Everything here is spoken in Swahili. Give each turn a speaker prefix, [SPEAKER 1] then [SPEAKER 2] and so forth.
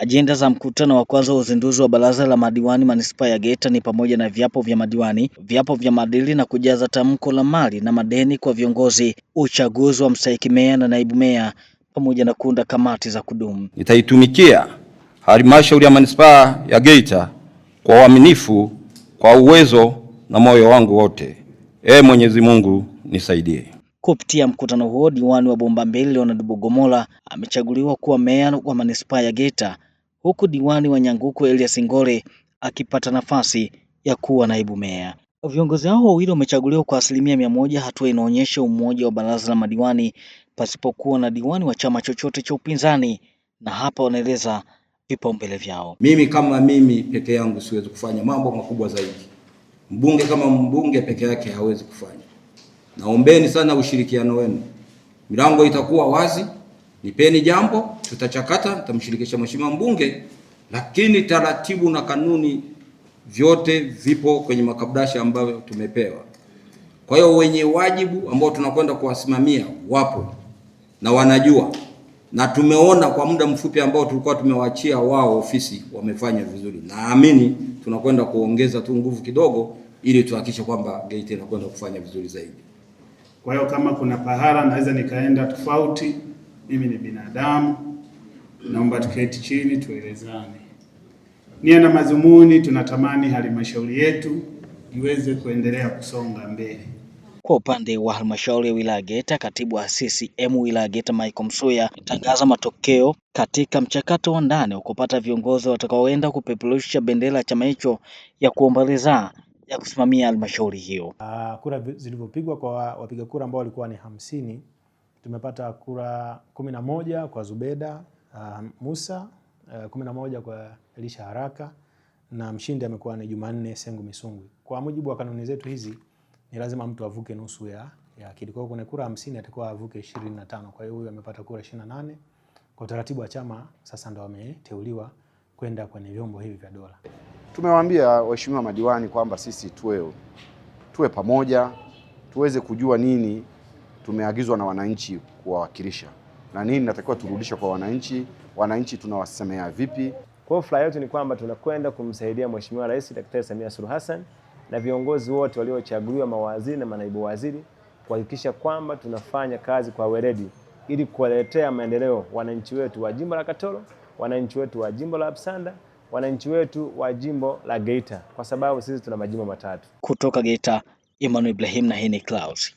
[SPEAKER 1] Ajenda za mkutano wa kwanza wa uzinduzi wa baraza la madiwani manispaa ya Geita ni pamoja na viapo vya madiwani, viapo vya maadili na kujaza tamko la mali na madeni kwa viongozi, uchaguzi wa mstahiki meya na naibu meya pamoja na kuunda kamati za kudumu.
[SPEAKER 2] Nitaitumikia halmashauri ya manispaa ya Geita kwa uaminifu, kwa uwezo na moyo wangu wote. Ee Mwenyezi Mungu nisaidie.
[SPEAKER 1] Kupitia mkutano huo, diwani wa Bomba Mbili Leonard Bugomola amechaguliwa kuwa meya wa manispaa ya Geita huku diwani wa Nyanguku Elias Ngole akipata nafasi ya kuwa naibu meya. Viongozi hao wawili wamechaguliwa kwa asilimia mia moja, hatua inaonyesha umoja wa baraza la madiwani pasipokuwa na diwani wa chama chochote cha upinzani, na hapa wanaeleza vipaumbele vyao.
[SPEAKER 3] Mimi kama mimi peke yangu siwezi kufanya mambo makubwa zaidi, mbunge kama mbunge peke yake hawezi kufanya. Naombeni sana ushirikiano wenu, milango itakuwa wazi, nipeni jambo tutachakata, tutamshirikisha mheshimiwa mbunge, lakini taratibu na kanuni vyote vipo kwenye makabdasha ambayo tumepewa. Kwa hiyo wenye wajibu ambao tunakwenda kuwasimamia wapo na wanajua, na tumeona kwa muda mfupi ambao tulikuwa tumewaachia wao ofisi wamefanya vizuri. Naamini tunakwenda kuongeza tu nguvu kidogo, ili tuhakikishe kwamba gate inakwenda kufanya vizuri zaidi.
[SPEAKER 4] Kwa hiyo kama kuna pahala naweza nikaenda tofauti, mimi ni binadamu naomba tuketi chini tuelezane nia na madhumuni. Tunatamani halmashauri yetu iweze kuendelea kusonga mbele.
[SPEAKER 1] Kwa upande wa halmashauri ya wilaya Geita, katibu wa CCM wilaya Geita Michael Msuya tangaza matokeo katika mchakato wa ndani wa kupata viongozi watakaoenda kupeperusha bendera ya chama hicho ya kuomba ya kusimamia halmashauri hiyo.
[SPEAKER 5] Ah, kura zilivyopigwa kwa wapiga kura ambao walikuwa ni hamsini, tumepata kura kumi na moja kwa Zubeda uh, Musa uh, kumi na moja kwa Elisha Haraka na mshindi amekuwa ni Jumanne Sengu Misungwi. Kwa mujibu wa kanuni zetu hizi ni lazima mtu avuke nusu ya ya akili. Kwa hiyo kuna kura 50 atakuwa avuke 25. Kwa hiyo huyu amepata kura 28. Kwa utaratibu wa chama sasa ndo wameteuliwa kwenda kwenye vyombo hivi vya dola.
[SPEAKER 2] Tumewaambia waheshimiwa madiwani kwamba sisi tuwe tuwe pamoja tuweze kujua nini tumeagizwa na wananchi kuwawakilisha na nini natakiwa turudishe kwa wananchi, wananchi tunawasemea vipi.
[SPEAKER 6] Kwa hiyo furaha yetu ni kwamba tunakwenda kumsaidia Mheshimiwa Rais Daktari Samia Suluhu Hassan na viongozi wote waliochaguliwa, mawaziri na manaibu waziri, kuhakikisha kwamba tunafanya kazi kwa weledi ili kuwaletea maendeleo wananchi wetu wa jimbo la Katoro, wananchi wetu wa jimbo la Absanda, wananchi wetu wa jimbo la Geita, kwa sababu sisi tuna majimbo matatu.
[SPEAKER 1] Kutoka Geita, Emmanuel Ibrahim na Heni Clouds.